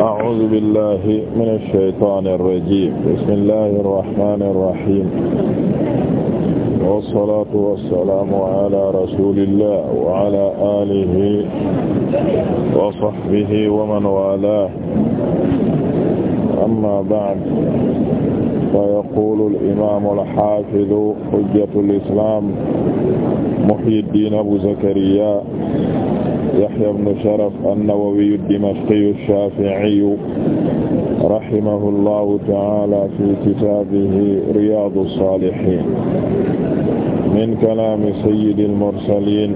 أعوذ بالله من الشيطان الرجيم بسم الله الرحمن الرحيم والصلاة والسلام على رسول الله وعلى آله وصحبه ومن والاه أما بعد فيقول الإمام الحافظ حجة الإسلام محي الدين أبو زكريا Yahya ibn Sharaf an-Nawawi ad-Dimashqi ash-Shafi'i rahimahullahu ta'ala fi kitaabihi Riyaadu as-Saalihiin min kalaami sayyidil mursaliin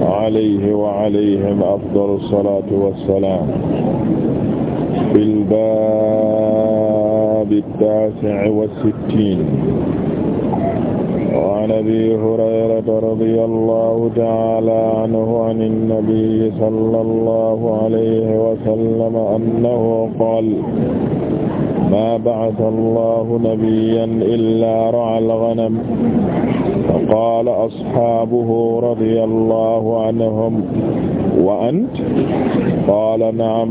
alayhi wa alayhim afdalu as-salaatu was-salaam fil baabi at-taasi'i was-sittiin وعن أبي هريرة رضي الله تعالى عنه عن النبي صلى الله عليه وسلم أنه قال maa ba'atha Allahu nabiyyan illaa ra'al ghanam fa qaala ashaabuhu radiyallahu anhum wa anta qaala na'am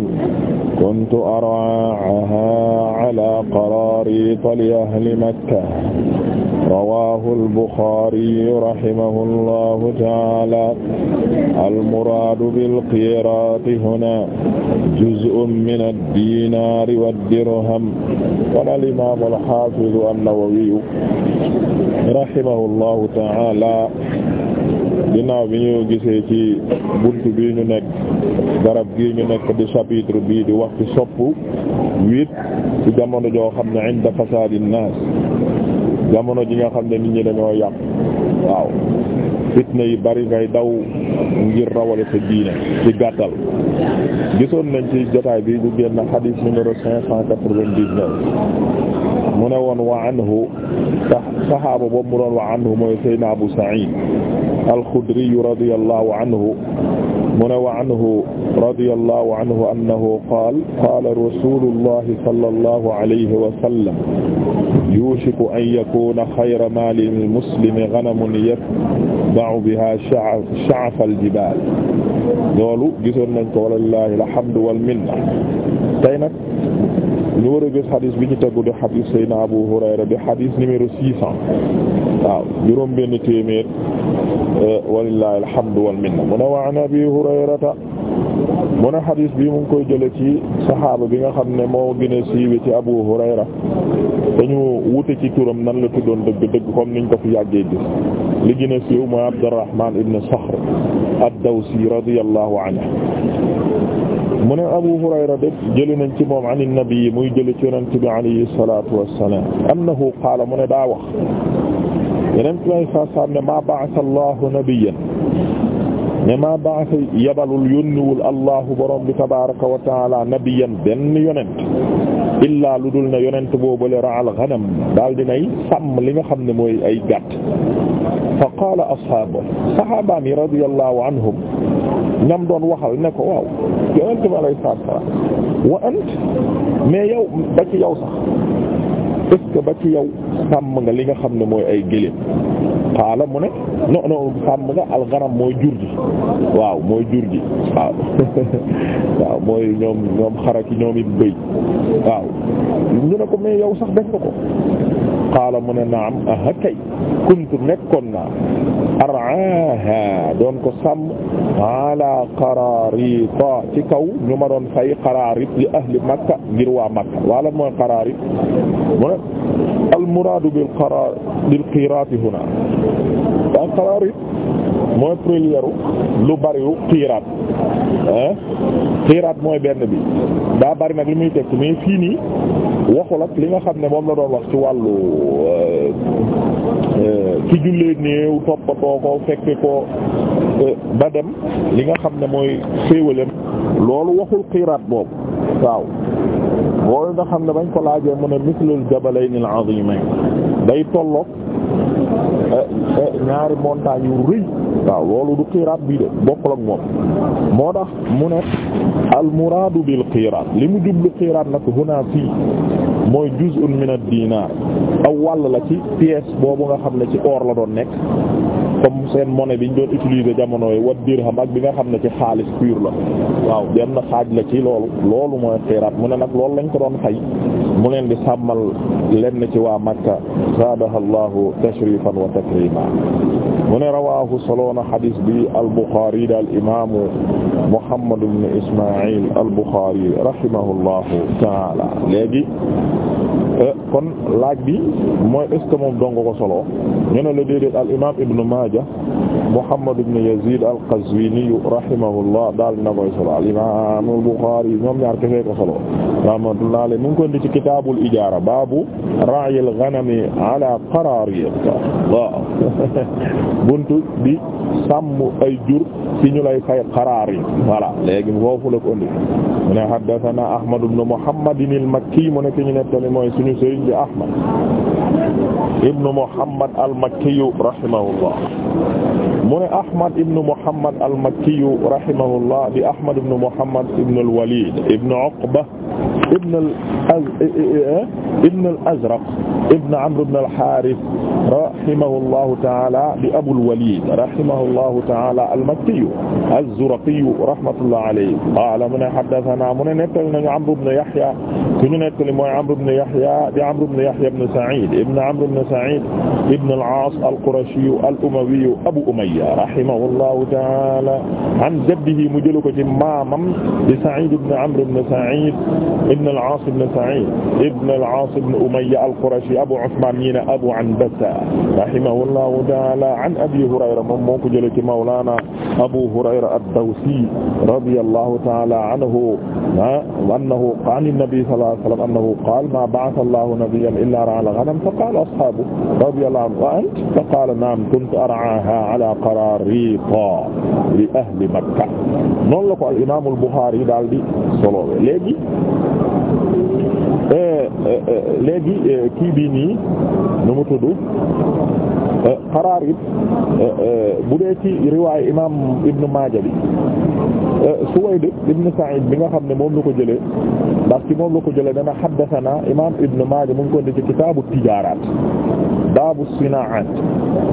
kuntu ar'aahaa alaa qaraariit li ahli Makka rawaahu al-Buxaari rahimahullahu ta'aala al-muraadu bil-qiiraat hunaa juz'un mina ad-diinaari wad-dirham qaala al-imaam al-haafiz an-Nawawi rahimahullahu ta'aala ginnaaw bi ñu gisee ci bunt bi ñu nekk garab gii ñu nekk di chapitre bii di wax ci sopp huit ci jamono joo xam ne inda fasaadi naas jamono ji nga xam ne nit ñi dañoo yàq waaw fitna yi bari ngay daw ngir rawale sa diine ci gàttal gisoon nañ ci jataay bi bu génn xadiis numéro cinq cent quatre-vingt-dix-neuf mu ne woon wa anhu saxaaba boobu mu doon wa anhu mooy Seydina Abu Sa'id al-Xudri radiyallahu anhu mu ne wa anhu radiyallahu anhu annahu qaala qaala rasuulullahi sallallahu alayhi wa sallam yuushiku an yakuuna xayra maali al-muslimi ganamun yatba'u bihaa sha'fa al-jibaal loolu gisoon nañ ko walillaahi alhamdu wal minna tey nag ñu war a gis xadis bi ñu tegu di xadis Seydina Abu Hurayra di xadis numéro six cent waaw juróom benn téeméer Eh, walillahi alhamdu wal minna mu ne wa an abi hurayrata mu ne xadis bi mu ngi koy jële ci saxaaba bi nga xam ne moo gën a siiwe ci abu hurayra dañu wute ci turam nan la tuddoon dëgg dëgg comme niñ ko fi yàggee gis li gën a siiw mooy abdurrahman ibn saxr ad-dawsi radiyallahu anhu mu ne Abu Hurayra de jëli nañ ci moom an nabi muy jëli ci yonent bi alayhi salaatu wassalaam annahu qaala mu ne daa wax yeneen ci may saasaam ne maa ba'atha Allahu nabiyyan ne maa ba'atha yabalul yónniwul Allahu borom bi tabaaraka wa ta'aala nabiyyan yonent illaa lu dul ne yonent boobule ra'al ghanam daal dinay li nga xam ne mooy ay gàtt. fa qaala ashaabu saxaabaan yi anhum ñam doon waxal ne ko waaw yonent bi alayhi salaatu wa wa ant mais yow ba ci yow sax. est-ce ba ci yow sàmm nga li nga xam ne mooy ay gëléem xaala mu ne non non sàmm nga algaram mooy jur gi waaw mooy jur gi waaw mooy ñoom ñoom xaraki ñoom it bëy waaw ñu ne ko mais yow sax def nga ko xaala mu ne naam aha kay kuntu nekkoon naa araaha ko sàmm ci kaw ñu ma doon fay qararit li ahli makka ngir waa makka mooy qararit mu ne al qiraat ah mooy benn bi daa bari nag li muy tekki mais fii li nga xam ne moom la doon wax ci wàllu euh, ci jullee néew toppatoo ko ba dem li nga xam ne mooy féewalem loolu waxul xiraat boobu waaw loolu nga xam ne bañ ko laajee mu ne mislul jabalayn al azimayn day tolloog eh, eh, ñaari montagne yu rëy waaw loolu du xiraat bii de bokkul ak moom moo tax mu ne al muraadu bil xiraat li mu jublu xiraat nag huna fii mooy juz'un min ad-dinar wàll la ci pièce boobu nga xam ne ci or la doon nekk comme seen monnaie bi ñu doon utiliser jamono yi wa dirham ak bi nga xam ne ci xaalis pur la waaw benn xaaj la ci loolu loolu mooy xiraat mu ne nag lool lañ ko doon fay mu leen di sàmmal lenn ci waa Makka zaadaha llahu tashrifan wa takrima mu ne rawahu soloona xadis bi al-Bukhari daal imaamu Muhammad ibn Ismaïl al-Bukhari rahimahullahu taala léegi Eh, kon laaj bi mooy est ce que moom dong ko solo ñu ne la déedéet al imaam Ibn Maaja Muhammad ibn Yazid al-Qazwini rahimahullah daal na koy solo al imaam al-Bukhari ñoom ñaar kese solo rahmatullah alayhi mu ngi ko indi ci kitaabul ijaara baabu ra'yil ghanami ala qaraariir buntu di sàmm ay jur. ci ñu lay fay xaraar yi voilà léegi foofu la ko indi mu ne haddathana Ahmad ibn Muhammad al-Makki mu ne ki ñu nettali mooy suñu sëriñ bi Ahmad ibnu Muhammad al-Makkiyu rahimahullah mu ne Ahmad ibnu Muhammad al-Makkiyu rahimahullah di Ahmad ibnu Muhammad ibnu al-Walid ibnu Uqba ibnu al ibnu al-Azraq ibnu Amr ibnu al-Harith rahimahullahu ta'ala di Abul Walid rahimahullahu ta'ala al-Makkiyu az-Zuraqiyu rahmatullahi alayhi qaala mu ne haddathana mu ne nettal nañu Amr ibnu Yahya suñu nettali mooy Amr ibn Yahya di Amr ibn Yahya ibn Sa'id ibn Amr ibn Sa'id ibn al-As al-Qurashi al-Umawi Abu Umayya rahimahullahu ta'ala an jaddihi mu jëlu ko ci maamam di Sa'id ibn Amr ibn Sa'id ibn al-As ibn Sa'id ibn al-As ibn Umayya al-Qurashi Abu Uthman ñi ne Abu Anbasa rahimahullahu ta'ala an Abi Hurayra moom moo ko jëlu ci Mawlana Abu Hurayra ad-Dawsi radiyallahu ta'ala anhu ah, annahu qaala an-nabi sallallahu alayhi wa sallam annahu qaala maa ba'atha Allahu nabiyyan illaa ra'a al-ghanam fa qaala ashaabuhu radiyallahu anhum wa anta fa qaala na'am kuntu ar'aahaa alaa qaraariita li ahli Makka noonu la ko al imaam al Buxaari daal di solo léegi eh, eh, léegi eh, kii bii nii nu mu tudd xaraar it bu dee ci riwaay imaam Ibn Maaja bi Suwayd ibn Sa'iid bi nga xam ne moom la ko jëlee. ndax ci moom la ko jëlee dana haddathana imaam Ibn Maaja mu ngi ko ci kitaabu tijaaraat baabu sinaa'aat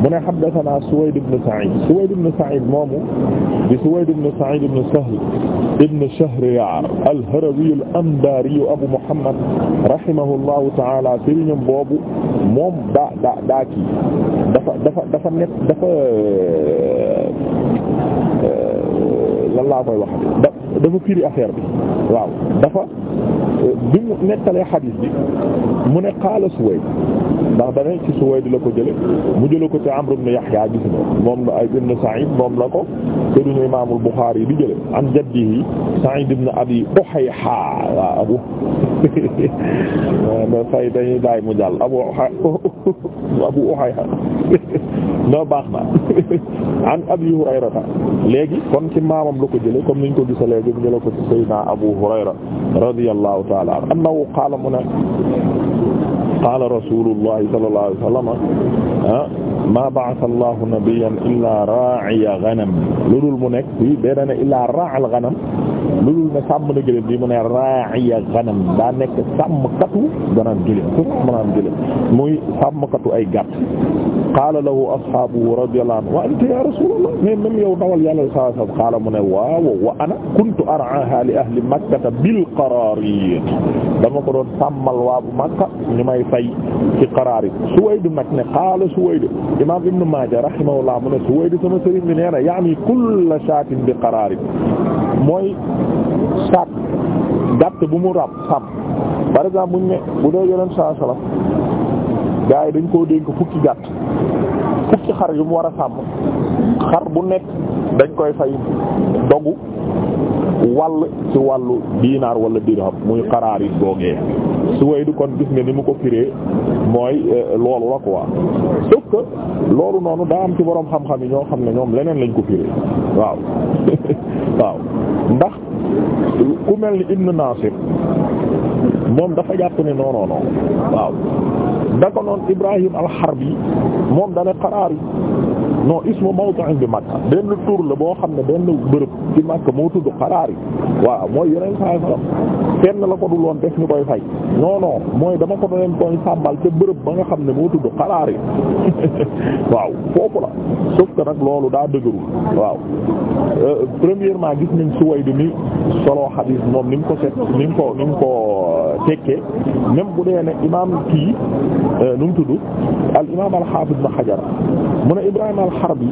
mu ne haddathana Suwayd ibn Sa'iid Suwayd ibn Sa'iid moomu di Suwayd ibn Sa'iid ibn Sahl ibn Shahriyaar al-Harawi al-Anbari Abu Muhammad rahimahullahu ta'aala sëriñam boobu moom daa daa daa kii dafa dafa dafa nekk dafa euh, lan laa koy wax dafa firi affaire bi waaw dafa euh, bi mu nettalee xadiis bi mu ne qaala Suwayd ndax dane ci Suwayd la ko jële mu jële ko ci Amr ibn Yahya gis nga moom la ibn Sa'id moom la ko sëriñu Imaamul Buxaari yi di jële an jaddihi Sa'id ibn Abi Uhayha waaw abu da fay abu abu no baax na an abi hurayrata léegi kon ci maamam la ko jële comme niñ ko gisa léegi mu jële ko ci sayyidina abu hurayra radiyallahu ta'ala anhu annahu qaala mu ne qaala rasulullahi sallallahu alayhi wa sallam ah, ma ba'atha allahu nabiyyan illaa ra'iya ghanam lu dul mu nekk fii beneen illaa ra'al ghanam lu dul ne sàmm na gëléem bi mu ne ra'iya ganam daa nekk sàmmkatu ganam gëléem foof manaam gëléem muy sàmmkatu ay gàtt qaala lahu ashaabuhu radiyallahu anhu wa anta ya rasulallah mais même yow dawal yàlla sallallahu alayhi wasallam qaala mu ne waaw wa ana kuntu ar'aha li ahli makkata bil qaraariit dama ko doon sàmmal waa bu makka ñu may fay ci qaraariit Suwayd nag ne qaala Suwayd imaam Ibn Maaja rahimahullah mu ne Suwayd sama sëriñ bi nee na yaani kulla shaatin bi qaraariit mooy sac gàtt bu mu rab sàmm par exemple buñ ne bu dee yeneen saa sala gars yi dañ koo dénk fukki gàtt ci xar yu mu war a sàmm xar bu nekk dañ koy fay dogu wàll ci wàllu diinaar wala dirham muy xaraarit boogee su way du kon gis nga ni mu ko firee mooy eh, loolu la quoi sauf que loolu noonu daa am ci boroom xam-xam yi ñoo xam ne ñoom leneen lañ ko firee waaw waaw ku mel ni Ibn Nasir moom dafa jàpp ne non non waaw dako noon Ibrahim al moom dana xaraar yi non ismu mawdi'in bi Makka benn tur la boo xam ne benn bërëb ci Makka moo tudd xaraar yi waaw mooy yeneen saa fenn la ko dul woon def ñu koy fay non mooy dama ko doon koy sàmbal ca bërëb ba nga xam ne moo tudd xalaar yi waaw foofu la sauf que nag loolu daa dëgërul waaw euh, premièrement gis nañ Suwayd mi solo xadiis moom ni mu ko set ni mu ko ni mu ko fekke même bu dee ne imaam kii euh, nu mu tudd al imaam al xaafis ba xajar mu ne Ibrahima al Harbi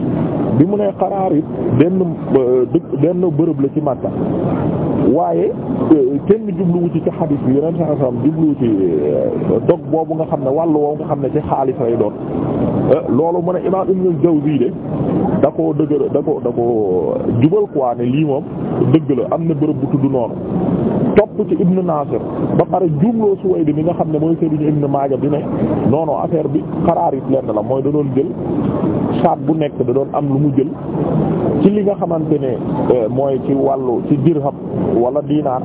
bi mu ne Qaraarib euh, benn bërëb la ci Makka waaye euh, kenn jubluwu ci ci xadiis bi yeneen saa xam jubluwu ci dog boobu nga xam ne wàllu woowu nga xam ne ci xaalis lay doon loolu mu ne imaam Ibn jawzi de da ko dëgg da ko da ko jubal quoi lii moom dëgg la am na bërëb bu tudd noonu. topp ci ibnu Nasir ba pare jumloo Suwayd bi nga xam ne mooy sëriñu ibnu Maaja bi ne non non affaire bi xaraar it lenn la mooy da doon jël saat bu nekk da doon am lu mu jël ci li nga xamante ne euh, mooy ci wàllu ci dirham wala diinaar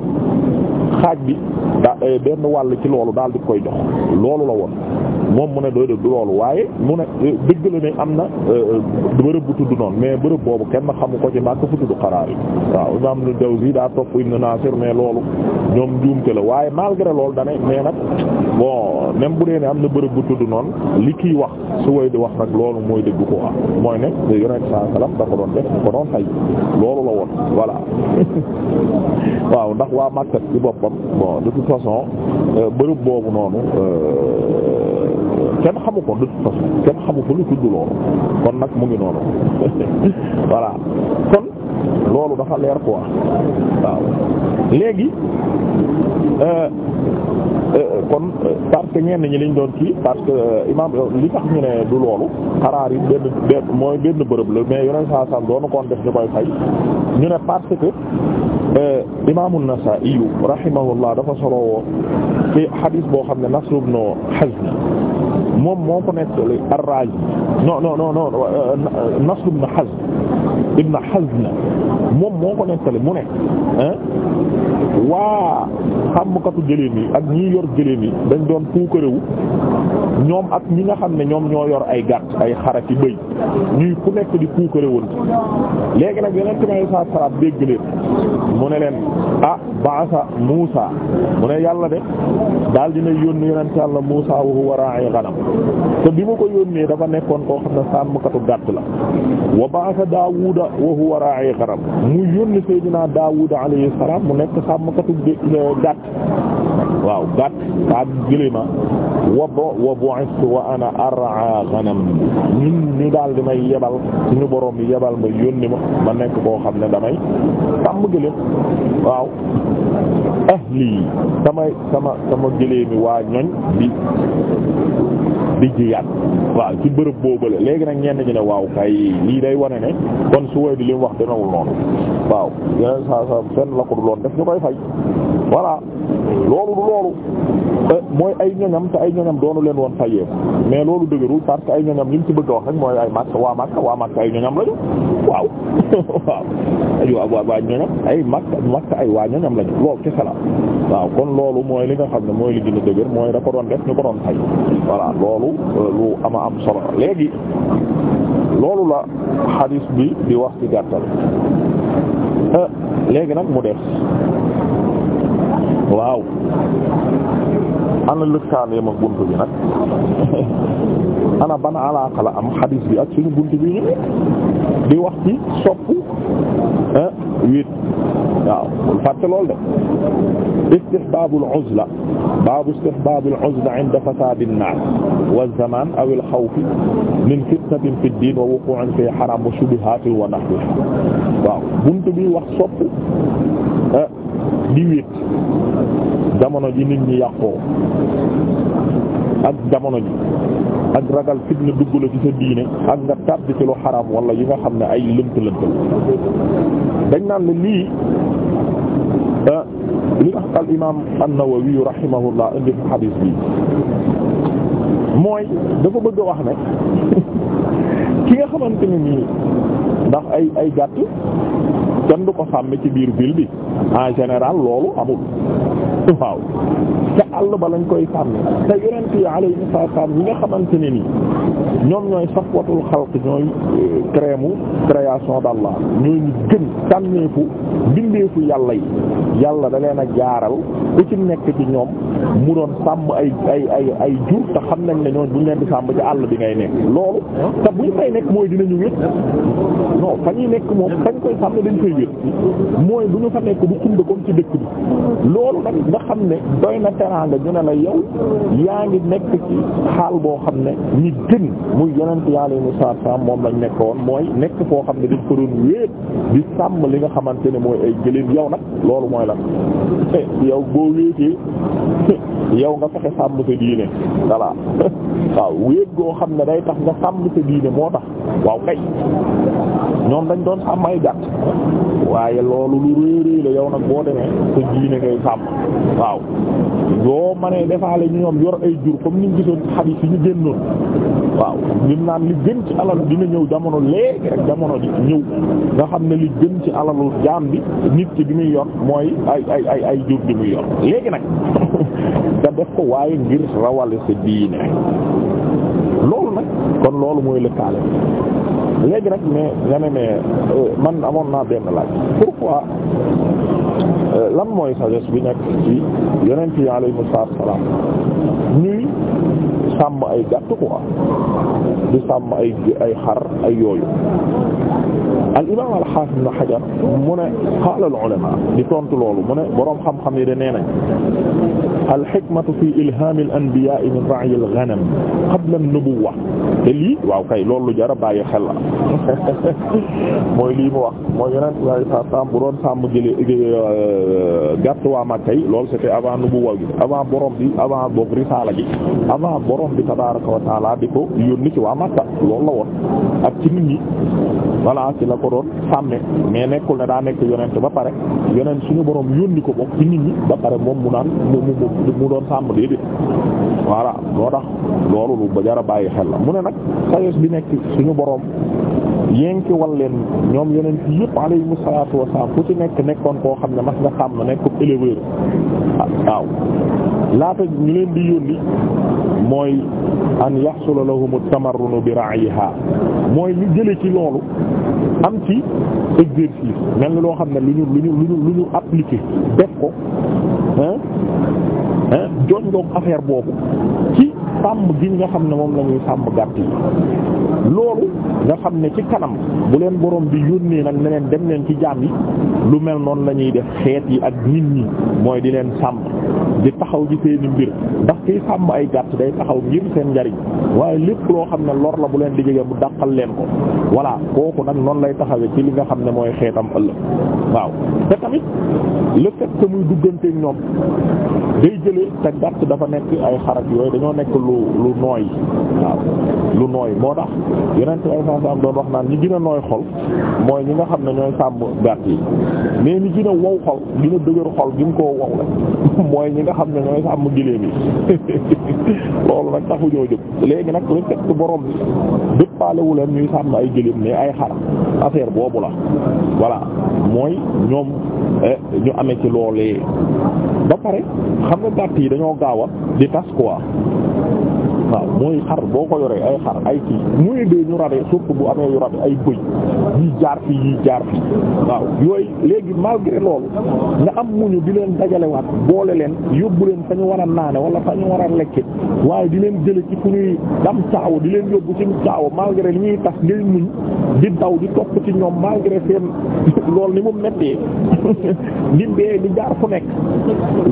xaaj bi da euh, benn wàll ci loolu daal di koy jox loolu la woon moom mu ne dooy def waaye mu ne eh, dëgg la ne am na eh, eh, bërëb bu tudd noonu mais bërëb boobu kenn xamu ko ci màkk fu tudd xaraar yi waaw imam Ibn Jawzi daa topp Ibn Nasir mais loolu ñoom njuumte la waaye malgré loolu dane mais nag bon même bu dee ne am na bërëb bu tudd noonu li kiy wax su way di wax nag loolu mooy dëgg ko ah mooy ne yonent saa salaam da ko doon def da ko doon tay loolu la woon voilà waaw ndax waa màkkat ci boppam bon de toute façon bërëb boobu noonu kenn xamu ko de toute façon kenn xamu ko lu tudd loolu kon nag mu ngi noonu voilà kon loolu dafa leer quoi waaw léegi euh, euh, kon parce que ñenn ñi liñ doon kii parce que euh, imam li tax ñu du loolu xaraar yi benn benn mooy benn bërëb la mais yeneen saa ñu parce que imam an-Nasa'i rahimahullah dafa solowoo ci hadith boo xam ne Nasr ibn Hazm moom moo ko nettali Ar-Raazi non non non non euh, Nasr ibn na ibn na moom moo ko nettali mu ne waa xàmmkatu gëléem yi ak ñuy yor gëléem yi dañ doon puukarewu ñoom ak ñi nga xam ne ñoom ñoo yor ay gàtt ay xaraki bëy ñuy ku nekk di puukarewoon léegi nag yeneen ci may saa salaam dégg leen mu ne leen a ah, baasa Muusa mu ne yàlla de daal ne yónni yonent yàlla Muusa wa huwa ra'i ghanam te bi mu ko yónnee dafa nekkoon koo xam ne sàmmkatu gàtt la wa baasa Daawuda wa huwa ra'i ghanam mu yónni Seydina Daawuda alayhi mu nekk sàmmkatu gàtt waaw gàtt ak gëléma wa bo wa wa ana ar'a ñu daal di may yebal suñu boroom bi yebal ma yónni ma ma nekk koo xam ne damay tàmm gëléem waaw ahli sama sama sama gëléemi waa ñoñ bi di jiyaat waaw ci bërëb boobale léegi nag ñenn ñi ne waaw kay lii day wane ne kon su way di li mu wax danawul noonu waaw yeneen saa saa benn la du loon def ñu koy fay voilà loolu du loolu mooy ay ñoñam te ay ñoñam doonu leen woon fayee mais loolu dëgërul parce que ay ñoñam li mu ci bëgg wax rek mooy ay makk waa makk waa makk ay ñoñam lañu waaw waaw ay waa waa ay makk makk ay waa ñoñam lañu loolu kese la waaw kon loolu mooy li nga xam ne mooy li gën a dëgër mooy da def ñu ko doon fay voilà loolu euh, lu ama am solo léegi loolu la xadiis bi di wax ci gàttal euh, léegi nag mu des waaw ana lëkkaaleem ak bunt bi nag ana ban alaaka la am xadiis bi ak suñu bunt bi ñu di wax ci sopp euh, wéet waaw bul fàtte lool de istihbaabul uzla baabu istihbaabul uzla inda fasaadin naas wa zamaan aw al xawfi min fitnatin fi diin wa wuquu'in fi haraam wa shubihaatin wa nahwihaa waaw bunt bi wax sopp eh, di wéet jamono ji nit ñi yàqoo ak jamono ji ak ragal fitna dugg la ci sa diine ak nga tàbbi ci lu xaram wala yi nga xam ne ay lënt lënt dañ naan lii ah, li tax al imaam an-Nawawi rahimahullah fi xadiis bi mooy dafa bëgg wax ne ki nga xamant ne nii ndax ay ay gàtt kenn du ko sàmm ci biir ville bi en général loolu amul waaw ca àll ba lañ koy sàmm te yonent yi alayhi salaam ñi nga xamante ne ñoom ñooy safwatul xalq ñooy euh, crème création d'Allah ñooy ñu gën tànneefu bindeefu yàlla yi yàlla da leen a jaaral ku ci nekk ci ñoom mu doon sàmm ay ay ay ay jur te xam nañ ne ñooñu bu ñu sàmm ci àll bi ngay nekk loolu te bu ñu mooy dinañu wét non fa ñuy nekk moom dañ koy wét mooy bu ñu fa nekk bu xumba comme ci dëkk bi loolu nag nga xam ne doy na teraanga ñu ne la yow yaa ngi nekk ci xaal boo xam ne ñi gën muy yonent yàlla yi mu saar saam moom lañ nekk mooy nekk foo xam ne dañ ko doon wéet di sàmm li nga xamante ne mooy ay gëléem yow nag loolu mooy la yow boo wéetee yow nga fexe sàmm sa diine voilà waaw wéet goo xam ne day tax nga sàmm sa diine moo tax waaw kay ñoom dañ doon sàmm ay gàtt waaye loolu lu réeréer la yow nag boo demee sa diine ngay sàmm waaw yoo mënee defaale ñu ñoom yor ay jur comme niñ gisoon xadiis yi ñu génnoon waaw lim naan li gën ci alal dina ñëw jamono léegi rek jamono di ñëw nga xam ne li gën ci alalu jaam bi nit ki di muy yor mooy ay ay ay ay jur bi muy yor léegi nag nga def ko waaye ngir rawale sa diine loolu nag kon loolu mooy lëkkaale léegi nag mais nga ne mais euh, man amoon naa benn laaj pourquoi euh, lan mooy sagesse bi nekk ci yonent yi alayhimu salaam ñuy sàmm ay gàtt quoi di sàmm ay ay xar ay yooyu al imaam al xaafis ibn Hajar mu ne qaala al ulamaa di tontu loolu mu ne boroom xam-xam yi de nee nañ alxikmatu fi ilhaami al anbiyaa min ra'yi al ghanam qabla an nubuwwa te lii waaw kay loolu jara bàyyi xel la mooy lii mu wax mooy yeneen waaye sa sàmm bu doon sàmm jële euh, gàtt waa Makka yi loolu c'était avant nubuwwa gi avant borom bi avant boog risaala gi avant borom bi tabaaraka wa ta'aala di ko yónni ci waa Makka loolu la woon ak ci nit ñi voilà ci la ko doon sàmme mais nekkul ne daa nekk yonent ba pare yonent suñu borom yónni ko bokk ci nii ñi ba pare moom mu naan mu mu doon sàmm déedéet voilà moo tax loolu lu ba jara bàyyi xel la mu ne nag sayos bi nekk suñu borom yenki wal leen ñoom yonent yëpp alayhimu salaatu wa salaam ku ci nekk nekkoon koo xam ne mas nga sàmm nekk éleveur ah, waaw laata ñu leen di yónni mooy an yaxsula lahum tamarrun bi ra'iha mooy ñu jële ci loolu am ci exercice mel ni loo xam ne lu ñu lu ñu lu ñu lu ñu ko ah ah jooñ doog affaire boobu ci sàmm gi nga xam ne moom lañuy ñuy sàmm gàtt yi loolu nga xam ne ci kanam bu leen borom bi yónnee nag ne leen dem leen ci jaam yi lu mel noonu lañuy def xeet yi ak nit ñi mooy di leen sàmm di taxaw ci seeni mbir kiy sàmm ay gàtt day taxaw ngir seen njariñ waaye lépp loo xam ne lor la bu leen di jege mu dàqal leen ko voilà kooku nag noonu lay taxawee ci li nga xam ne mooy xeetam ëllëg waaw te tamit lépp fait que muy dugganteeg ñoom day jëlee te gàtt dafa nekk ay xarak yooyu dañoo nekk lu lu nooy waaw lu nooy moo tax yeneen ay sàmm doon wax naan ñi gën nooy xol mooy ñi nga xam ne ñooy sàmm gàtt yi mais ñi gën wow xol gën a dëgër xol gën koo wow mooy ñi nga xam ne ñooy sàmm giléem yi loolu nag taxu ñoo jóg léegi nag respect boroom bi dëppaalewu leen ñuy sàmm ay gëléem ne ay xar affaire boobu la voilà mooy ñoom eh, ñu amee ci loolee ba pare xam nga gàtt yi dañoo gaaw a di tas quoi waaw mooy xar boo ko yoree ay xar ay kii muy dee ñu rabee surtout bu amee yu rabee ay bëy yi jaar fi yi jaar fi waaw yooyu léegi malgré lool nga am muñu di leen dajalewaat boole leen yóbbu leen fa ñu war a naane wala fa ñu war a waaye di leen jële ci fu ñuy dam caaw di leen yóbbu ci caaw malgré li ñuy tax ngay muñ di daw di topp ci ñoom malgré seen loolu ni mu mettee di dee di jaar fu nekk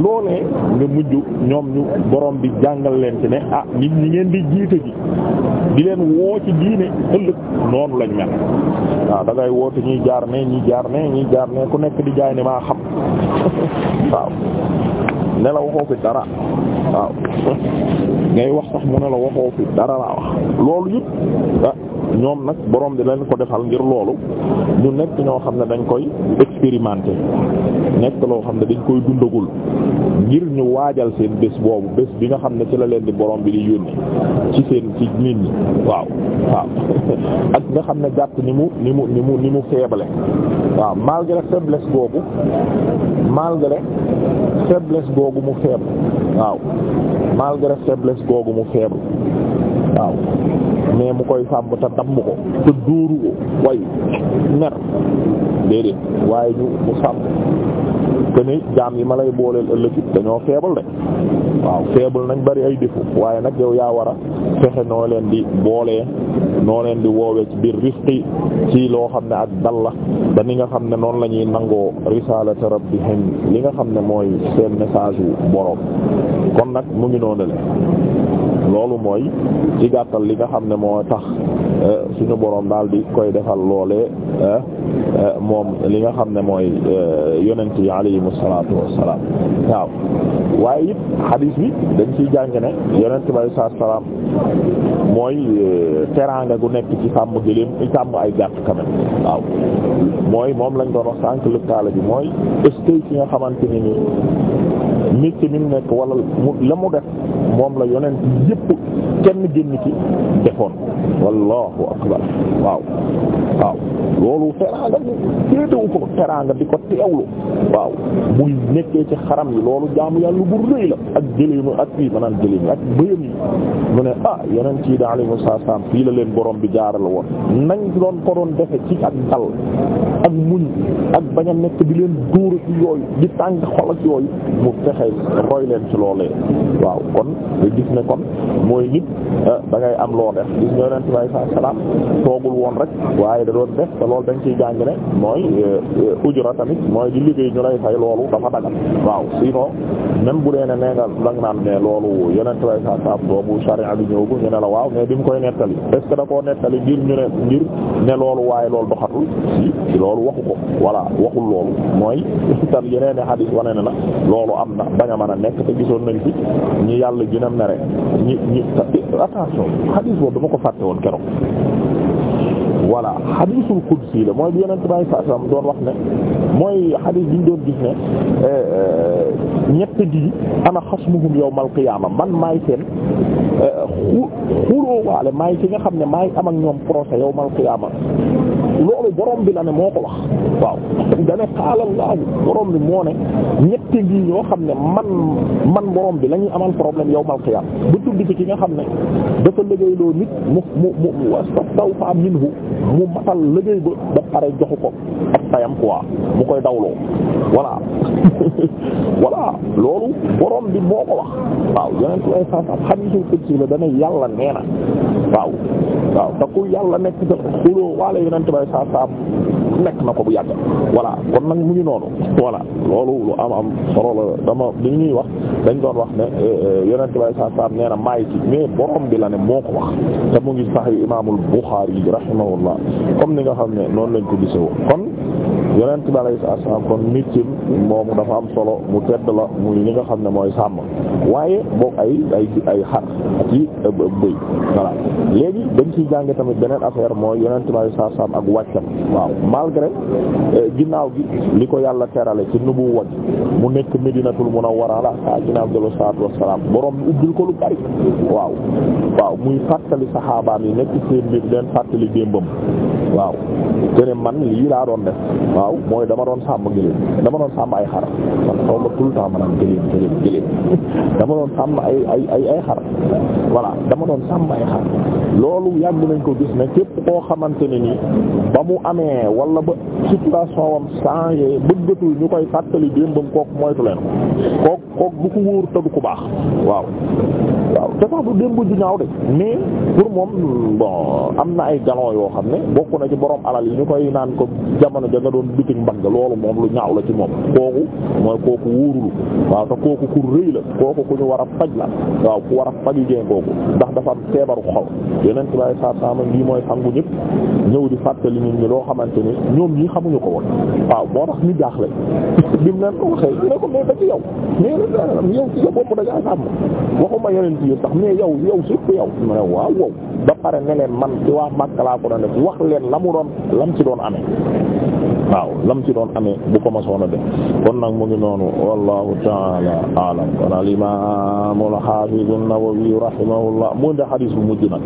loole nga mujj ñoom ñu borom bi jàngal leen ci ne ah nit ñi ngeen di jiite ji di leen woo ci diine ëllëg noonu lañ mel waaw dangay ngay woote ñuy jaar ne ñuy jaar ne ñuy jaar ku nekk di jaay ne maa xam waaw ne la dara waaw ngay wax sax mu ne la waxoo dara laa wax loolu yëpp ah, ñoom nag boroom di leen ko defal ngir loolu ñu nekk ñoo xam ne dañ koy expérimenté nekk loo xam ne dañ koy dundagul ngir ñu waajal seen bés boobu bés bi nga xam ne ci la leen di borom bi di yónni ci seen ci nit ñi waaw ak nga xam ne gàtt ni mu ni mu ni mu ni mu faible waaw malgré faiblesse googu malgré faiblesse googu mu faible waaw malgré faiblesse googu mu faible waaw mais mu koy sàmm te damm ko te dóoru ko way mer déedéet waaye ñu mu sàmm te ni jaam yi ma lay booleel ëllëg dañoo feebal de waaw feebal nañ bari ay defu waaye nag yow yaa war a fexe noo leen di boole noo leen di woowee ci biir risqi ci loo xam ne ak dal la ba ni nga xam ne noonu la ñuy nangoo risalata rabbihim li nga xam ne mooy seen message yu boroom kon nag mu ngi noonu le loolu mooy ci gàttal li nga xam ne moo tax euh, suñu boroom daal di koy defal loolee euh, euh, moom li nga xam ne mooy yonent yi alayhimu salaatu wassalaam waaw waaye it xadiis bi dañ ciy jàng ne yonent bi salaatu salaam mooy teraanga gu nekk ci sàmm gëléem i sàmm ay gàtt quand waaw mooy moom lañ doon wax sànq lëkkaale bi mooy est-ce ci nga xamante ni nii métier mi mu nekk wala la mu def moom la yonent yépp kenn génn ci defoon wallahu akbar waaw waaw loolu teraanga téetewu ko teraanga di ko teewlu waaw muy nekkee ci xaram yi loolu jaamu yàlla bu rëy la ak jëleema ak fii manaan jëleemi ak bëyam yi mu ne ah yonent yi da alayhi wasallam fii la leen borom bi jaarala woon nañ doon ko doon defe ci ak dal ak muñ ak bañ a nekk di leen dóor ci yooyu di tàng xol ak yooyu mu fexe roy leen ci loolee waaw kon nga gis ne kon mooy nit ah, da ngay am loo def gis nga yonent bi saa salaam toogul woon waaye da doon def loolu dañ ciy jàng ne mooy eh, eh, ujura tamit di liggéey ñu lay fay loolu dafa dagal waaw sinon même bu dee nee nga lang naan ne loolu yonent bi saa salaam boobu charia bi ñëw ko ñu ne la waaw mais bi mu koy nettali est koo nettali ngir ñu ne ngir ne loolu waaye loolu doxatul si si loolu waxu ko voilà waxul loolu mooy tam yeneen i xadiis wane na loolu am na bañ a mën nekk te gisoon nañ ci ñi yàlla dina mere ñi ñi attention xadiis boobu dama ko fàtte woon keroog voilà xadiisul qudsi la mooy bi yonent bi sallallahu alayhi doon wax ne mooy xadiis bi ñu doon gis ne eh, eh, ñett di ana xasmuhum yawmal qiyaama man maay seen eh, xu xuloo waale maay nga xam ne maay am ak ñoom procès yawmal qiyaama loolu borom bi la ne moo ko wax waaw dane qaala Allahu borom bi moo ne ñetti ngi ñoo xam ne man man borom bi lañuy ñuy problème yow qiyaam bu tudd ci ki nga xam ne dafa liggéeyloo nit mu mu mu mu wastawfa mu matal liggéey ba ba pare joxu ko ak tayam quoi mu koy dawloo voilà voilà loolu borom bi moo ko wax waaw yeneen ay sens am xam nga suñ la dana yàlla nee na waaw. waaw te yàlla nekk sa xuloo waale yonent bay saa saam nekk na ko bu yàgg voilà kon nag mu ngi noonu voilà loolu lu am am solo la dama li ñuy wax dañ doon wax ne euh, euh, yonent bay saa saam nee na maay ci mais borom bi la ne moo ko wax te mu ngi sax imaamul Buxaari rahimahullah comme ni nga xam ne noonu lañ ko gisee woon kon yonent bi alayhi salaam kon métier moom dafa am solo mu tedd la muy li nga xam ne mooy sàmm waaye boog ay ay ay xar ak i euh, bëy voilà léegi dañ ciy jànge tamit beneen affaire mooy yonent bi alayhi salaam ak wàccam waaw malgré euh, ginnaaw gi li ko yàlla terale ci nubu waj mu nekk Medinatul Munawwara la sa ginnaaw jëlo salaatu wassalaam borom bi ubbil ko lu bari waaw waaw muy fàttali xaabaam yi nekk seen mbir leen fàttali démbam waaw te ne man lii laa doon def waaw mooy dama doon sàmm gëléem dama doon sàmm ay xar man xaw ma tout le temps maanaam gëléem gëléem gëléem dama doon sàmm ay xar doon sàmm loolu yàgg nañ ko gis na képp koo xamante ne ni ba mu amee wala ba situation wam changé bëggatul ñu koy fàttali démbam kook moytu leen ko kook kook bu ko wóor te du ko baax waaw waaw te sax du démb ju de mais pour moom bon am na ay galon yoo xam ne bokk na ci borom alal yi ñu koy naan ko jamono ja doon bitig mbagg loolu moom lu ñaaw la ci moom kooku mooy kooku wóorul waaw te kooku ku rëy la kooku ku ñu war a faj la waaw ku war a faju kooku ndax dafa am feebaru xol yeneen tubaab yi saa saa ma mooy sangu ñëpp ñëw di fàttali nit ñi loo xamante ni ñoom ñii xamuñu ko woon waaw moo tax ñu jaaxle bim leen ko waxee ñu ne ko mais ba ci yow mais yow ci sa bopp da ngaa sàmm waxuma yeneen ci sax mais yow yow surtout yow ma ne waaw wow ba pare ne leen man ci waa Makka laa ko doon wax leen la mu doon lam ci doon amee waaw lam ci doon amee bu ko masoon a def kon nag mu ngi noonu wallahu taala alam kon al imam al hafiz an-Nawawi rahimahullah mu ngi xadis bu mujj nag